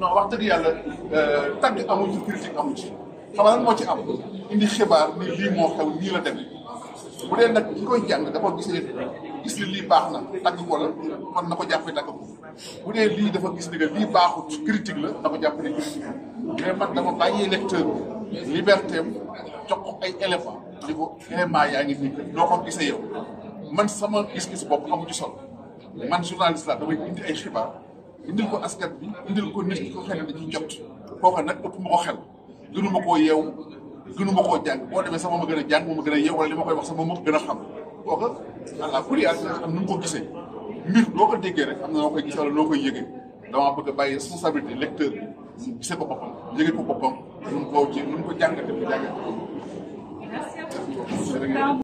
non wax dëgg yàlla euh, tagg amu ci critique amu ci xam nga moo ci am indi xibaar ni lii moo xew nii la dem bu dee nag ki koy jàng dafa gis ne lii baax na tagg ko la man na ko jàppee tagg ko bu dee lii dafa gis ne que lii baaxut critique la na ko jàpp ne critique mais man dama bàyyi lecteur bi jox ay éléments li ko vraiment yaa ngi nii noo ko gisee yow man sama gis-gis bopp amu ci solo man journaliste la damay indi ay xibaar indil ko askat bi indil ko nit ki ko xel da nag ëpp ma ko xel gënu ma koo yeew gënu ma koo jàng boo demee sax moom a gën a jàng moom a gën a yeew wala li ma koy wax sax moom a gën a xam kooka a kuli al dina xam nu mu ko gisee mbir boo ko déggee rek am na noo koy gisee wala noo koy yëgee dama bëgg a bàyyi responsabilité lecteur bi mu gisee ko boppam yëgee ko boppam nu mu ko ci nu mu ko jàngatee mu jàngatee